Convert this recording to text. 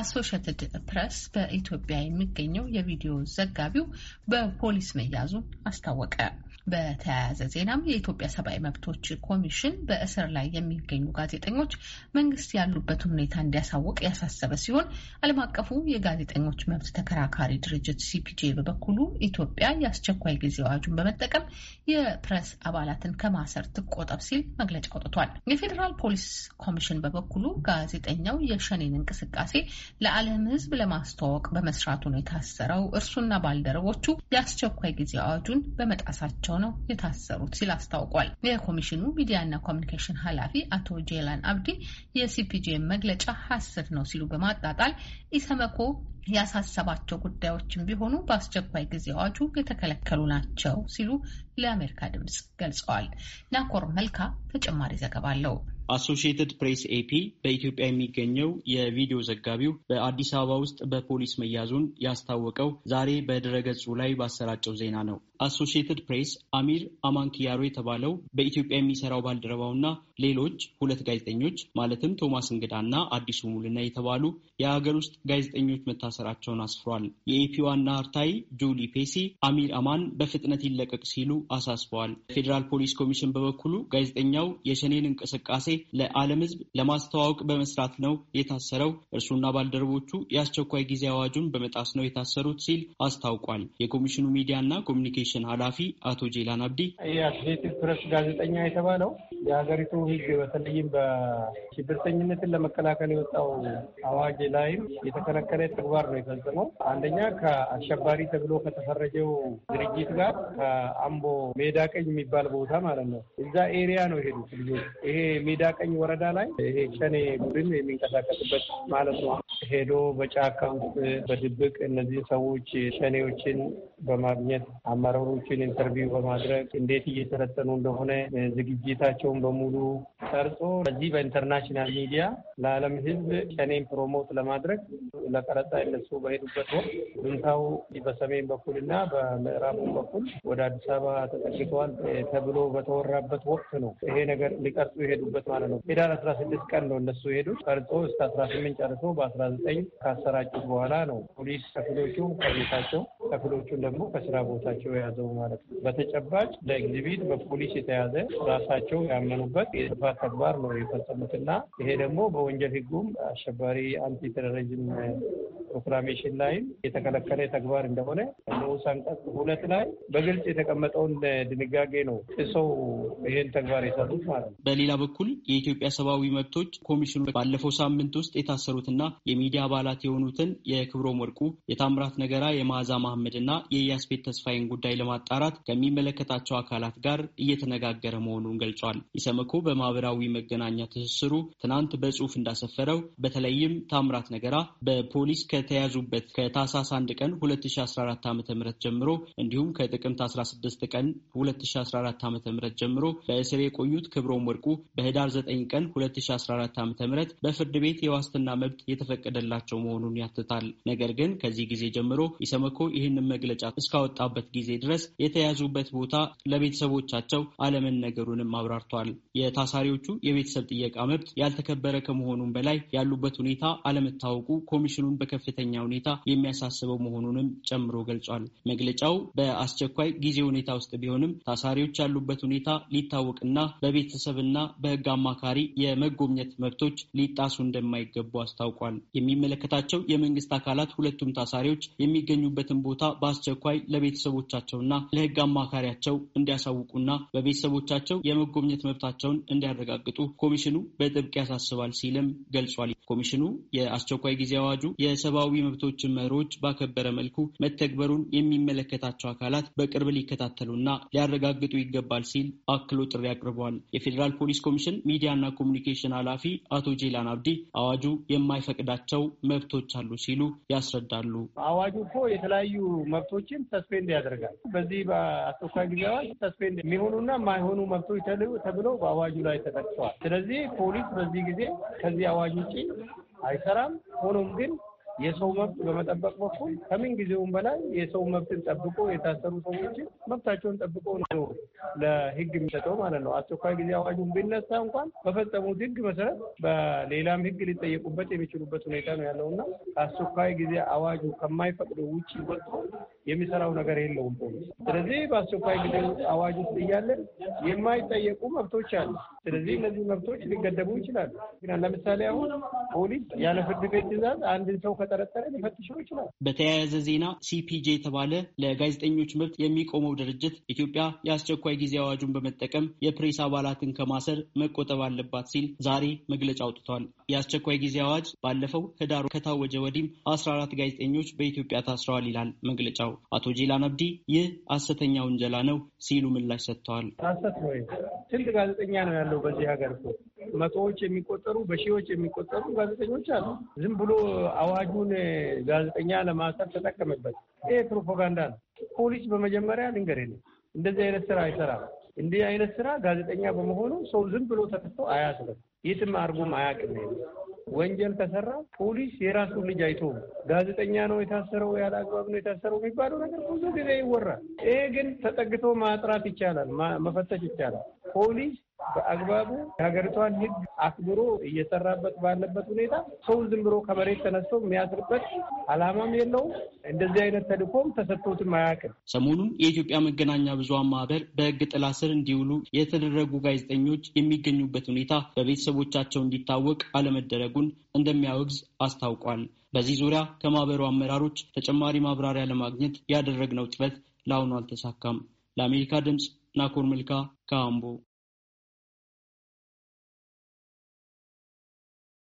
አሶሽትድ ፕሬስ በኢትዮጵያ የሚገኘው የቪዲዮ ዘጋቢው በፖሊስ መያዙን አስታወቀ። በተያያዘ ዜናም የኢትዮጵያ ሰብአዊ መብቶች ኮሚሽን በእስር ላይ የሚገኙ ጋዜጠኞች መንግስት ያሉበትን ሁኔታ እንዲያሳውቅ ያሳሰበ ሲሆን ዓለም አቀፉ የጋዜጠኞች መብት ተከራካሪ ድርጅት ሲፒጄ በበኩሉ ኢትዮጵያ የአስቸኳይ ጊዜ አዋጁን በመጠቀም የፕሬስ አባላትን ከማሰር ትቆጠብ ሲል መግለጫ አውጥቷል። የፌዴራል ፖሊስ ኮሚሽን በበኩሉ ጋዜጠኛው የሸኔን እንቅስቃሴ ለዓለም ሕዝብ ለማስተዋወቅ በመስራቱ ነው የታሰረው። እርሱና ባልደረቦቹ የአስቸኳይ ጊዜ አዋጁን በመጣሳቸው ነው የታሰሩት ሲል አስታውቋል። የኮሚሽኑ ሚዲያና ኮሚኒኬሽን ኃላፊ አቶ ጄላን አብዲ የሲፒጄ መግለጫ ሐሰት ነው ሲሉ በማጣጣል ኢሰመኮ ያሳሰባቸው ጉዳዮችን ቢሆኑ በአስቸኳይ ጊዜ አዋጁ የተከለከሉ ናቸው ሲሉ ለአሜሪካ ድምፅ ገልጸዋል። ናኮር መልካ ተጨማሪ ዘገባ አለው። አሶሺየትድ ፕሬስ ኤፒ በኢትዮጵያ የሚገኘው የቪዲዮ ዘጋቢው በአዲስ አበባ ውስጥ በፖሊስ መያዙን ያስታወቀው ዛሬ በድረገጹ ላይ ባሰራጨው ዜና ነው። አሶሺየትድ ፕሬስ አሚር አማንኪያሮ የተባለው በኢትዮጵያ የሚሰራው ባልደረባውና ሌሎች ሁለት ጋዜጠኞች ማለትም ቶማስ እንግዳና አዲሱ ሙልና የተባሉ የሀገር ውስጥ ጋዜጠኞች መታሰራቸውን አስፍሯል። የኤፒ ዋና አርታይ ጁሊ ፔሲ አሚር አማን በፍጥነት ይለቀቅ ሲሉ አሳስበዋል። ፌዴራል ፖሊስ ኮሚሽን በበኩሉ ጋዜጠኛው የሸኔን እንቅስቃሴ ለዓለም ሕዝብ ለማስተዋወቅ በመስራት ነው የታሰረው፣ እርሱና ባልደረቦቹ የአስቸኳይ ጊዜ አዋጁን በመጣስ ነው የታሰሩት ሲል አስታውቋል። የኮሚሽኑ ሚዲያና ኮሚኒኬሽን ኮሚሽን ኃላፊ አቶ ጄላን አብዲ የአትሌቲክ ፕረስ ጋዜጠኛ የተባለው የሀገሪቱ ሕግ በተለይም በሽብርተኝነትን ለመከላከል የወጣው አዋጅ ላይም የተከለከለ ተግባር ነው የፈጸመው። አንደኛ ከአሸባሪ ተብሎ ከተፈረጀው ድርጅት ጋር ከአምቦ ሜዳ ቀኝ የሚባል ቦታ ማለት ነው እዛ ኤሪያ ነው የሄዱት ልጆች። ይሄ ሜዳ ቀኝ ወረዳ ላይ ይሄ ሸኔ ቡድን የሚንቀሳቀስበት ማለት ነው። ሄዶ በጫካ ውስጥ በድብቅ እነዚህ ሰዎች ሸኔዎችን በማግኘት አመራው ሰዎችን ኢንተርቪው በማድረግ እንዴት እየሰለጠኑ እንደሆነ ዝግጅታቸውን በሙሉ ቀርጾ በዚህ በኢንተርናሽናል ሚዲያ ለዓለም ሕዝብ ቀኔን ፕሮሞት ለማድረግ ለቀረጻ እነሱ በሄዱበት ወቅት ጁንታው በሰሜን በኩል እና በምዕራቡ በኩል ወደ አዲስ አበባ ተጠግተዋል ተብሎ በተወራበት ወቅት ነው ይሄ ነገር ሊቀርጹ የሄዱበት ማለት ነው። ሄዳር አስራ ስድስት ቀን ነው እነሱ የሄዱት ቀርጾ እስከ አስራ ስምንት ጨርሶ በአስራ ዘጠኝ ካሰራጩት በኋላ ነው ፖሊስ ከፊሎቹ ከቤታቸው ተክሎቹን ደግሞ ከስራ ቦታቸው የያዘው ማለት ነው። በተጨባጭ ለኤግዚቢት በፖሊስ የተያዘ ራሳቸው ያመኑበት የጥፋት ተግባር ነው እና ይሄ ደግሞ በወንጀል ህጉም አሸባሪ አንቲ ቴሮሪዝም ፕሮክላሜሽን ላይም የተከለከለ ተግባር እንደሆነ ንዑስ አንቀጽ ሁለት ላይ በግልጽ የተቀመጠውን ድንጋጌ ነው እሰው ይሄን ተግባር የሰሩት ማለት ነው። በሌላ በኩል የኢትዮጵያ ሰብአዊ መብቶች ኮሚሽኑ ባለፈው ሳምንት ውስጥ የታሰሩትና የሚዲያ አባላት የሆኑትን የክብሮም ወርቁ፣ የታምራት ነገራ፣ የመዓዛ መሐመድና የኢያስ ቤት ተስፋዬን ጉዳይ ለማጣራት ከሚመለከታቸው አካላት ጋር እየተነጋገረ መሆኑን ገልጿል። ኢሰመኮ በማህበራዊ መገናኛ ትስስሩ ትናንት በጽሁፍ እንዳሰፈረው በተለይም ታምራት ነገራ በፖሊስ ከተያዙበት ከታህሳስ 1 ቀን 2014 ዓ ም ጀምሮ እንዲሁም ከጥቅምት 16 ቀን 2014 ዓ ም ጀምሮ በእስር የቆዩት ክብሮም ወርቁ በህዳር 9 ቀን 2014 ዓ ም በፍርድ ቤት የዋስትና መብት የተፈቀደላቸው መሆኑን ያትታል። ነገር ግን ከዚህ ጊዜ ጀምሮ ኢሰመኮ ይህን ይህንን መግለጫ እስካወጣበት ጊዜ ድረስ የተያዙበት ቦታ ለቤተሰቦቻቸው አለመነገሩንም አብራርተዋል። የታሳሪዎቹ የቤተሰብ ጥየቃ መብት ያልተከበረ ከመሆኑም በላይ ያሉበት ሁኔታ አለመታወቁ ኮሚሽኑን በከፍተኛ ሁኔታ የሚያሳስበው መሆኑንም ጨምሮ ገልጿል። መግለጫው በአስቸኳይ ጊዜ ሁኔታ ውስጥ ቢሆንም ታሳሪዎች ያሉበት ሁኔታ ሊታወቅና በቤተሰብና በሕግ አማካሪ የመጎብኘት መብቶች ሊጣሱ እንደማይገቡ አስታውቋል። የሚመለከታቸው የመንግስት አካላት ሁለቱም ታሳሪዎች የሚገኙበትን ቦታ ቦታ በአስቸኳይ ለቤተሰቦቻቸውና ለሕግ አማካሪያቸው እንዲያሳውቁና በቤተሰቦቻቸው የመጎብኘት መብታቸውን እንዲያረጋግጡ ኮሚሽኑ በጥብቅ ያሳስባል ሲልም ገልጿል። ኮሚሽኑ የአስቸኳይ ጊዜ አዋጁ የሰብአዊ መብቶችን መሮች ባከበረ መልኩ መተግበሩን የሚመለከታቸው አካላት በቅርብ ሊከታተሉና ሊያረጋግጡ ይገባል ሲል አክሎ ጥሪ አቅርበዋል። የፌዴራል ፖሊስ ኮሚሽን ሚዲያና ኮሚኒኬሽን ኃላፊ አቶ ጄላን አብዲ አዋጁ የማይፈቅዳቸው መብቶች አሉ ሲሉ ያስረዳሉ። አዋጁ እኮ የተለያዩ መብቶችን ሰስፔንድ ያደርጋል። በዚህ በአስቸኳይ ጊዜ አዋጅ ሰስፔንድ የሚሆኑና የማይሆኑ መብቶች ተብለው በአዋጁ ላይ ተጠቅሰዋል። ስለዚህ ፖሊስ በዚህ ጊዜ ከዚህ አዋጅ ውጪ አይሰራም። ሆኖም ግን የሰው መብት በመጠበቅ በኩል ከምን ጊዜውም በላይ የሰው መብትን ጠብቆ የታሰሩ ሰዎችን መብታቸውን ጠብቆ ነው ለህግ የሚሰጠው ማለት ነው። አስቸኳይ ጊዜ አዋጁን ቢነሳ እንኳን በፈጸሙት ህግ መሰረት በሌላም ህግ ሊጠየቁበት የሚችሉበት ሁኔታ ነው ያለው እና አስቸኳይ ጊዜ አዋጁ ከማይፈቅደው ውጭ ወጥቶ የሚሰራው ነገር የለውም ፖሊስ። ስለዚህ በአስቸኳይ ጊዜ አዋጅ ውስጥ እያለን የማይጠየቁ መብቶች አሉ። ስለዚህ እነዚህ መብቶች ሊገደቡ ይችላሉ። ለምሳሌ አሁን ፖሊስ ያለ ፍርድ ቤት ትዕዛዝ አንድን ሰው ከጠረጠረ ሊፈትሸው ይችላል። በተያያዘ ዜና ሲፒጄ የተባለ ለጋዜጠኞች መብት የሚቆመው ድርጅት ኢትዮጵያ የአስቸኳይ ጊዜ አዋጁን በመጠቀም የፕሬስ አባላትን ከማሰር መቆጠብ አለባት ሲል ዛሬ መግለጫ አውጥቷል። የአስቸኳይ ጊዜ አዋጅ ባለፈው ህዳሩ ከታወጀ ወዲህም አስራ አራት ጋዜጠኞች በኢትዮጵያ ታስረዋል ይላል መግለጫው። አቶ ጄላን አብዲ ይህ ሐሰተኛ ውንጀላ ነው ሲሉ ምላሽ ሰጥተዋል። ሐሰት ነው። ስንት ጋዜጠኛ ነው ያለው በዚህ ሀገር? መቶዎች የሚቆጠሩ በሺዎች የሚቆጠሩ ጋዜጠኞች አሉ። ዝም ብሎ አዋጁ ህዝቡን ጋዜጠኛ ለማሰር ተጠቀመበት። ይህ ፕሮፓጋንዳ ነው። ፖሊስ በመጀመሪያ ልንገሬ ነው፣ እንደዚህ አይነት ስራ አይሰራም። እንዲህ አይነት ስራ ጋዜጠኛ በመሆኑ ሰው ዝም ብሎ ተከፍቶ አያስርም የትም አድርጎም አያውቅም። ወንጀል ከሰራ ፖሊስ የራሱን ልጅ አይቶ ጋዜጠኛ ነው የታሰረው፣ ያለ አግባብ ነው የታሰረው የሚባለው ነገር ብዙ ጊዜ ይወራል። ይሄ ግን ተጠግቶ ማጥራት ይቻላል፣ መፈተሽ ይቻላል። ፖሊስ በአግባቡ የሀገሪቷን ሕግ አክብሮ እየሰራበት ባለበት ሁኔታ ሰው ዝም ብሎ ከመሬት ተነስቶ የሚያስርበት አላማም የለውም። እንደዚህ አይነት ተልእኮም ተሰጥቶትም አያውቅም። ሰሞኑን የኢትዮጵያ መገናኛ ብዙሃን ማህበር በህግ ጥላ ስር እንዲውሉ የተደረጉ ጋዜጠኞች የሚገኙበት ሁኔታ በቤተሰቦቻቸው እንዲታወቅ አለመደረጉን እንደሚያወግዝ አስታውቋል። በዚህ ዙሪያ ከማህበሩ አመራሮች ተጨማሪ ማብራሪያ ለማግኘት ያደረግነው ጥረት ለአሁኑ አልተሳካም። ለአሜሪካ ድምፅ ናኮር መልካ ከአምቦ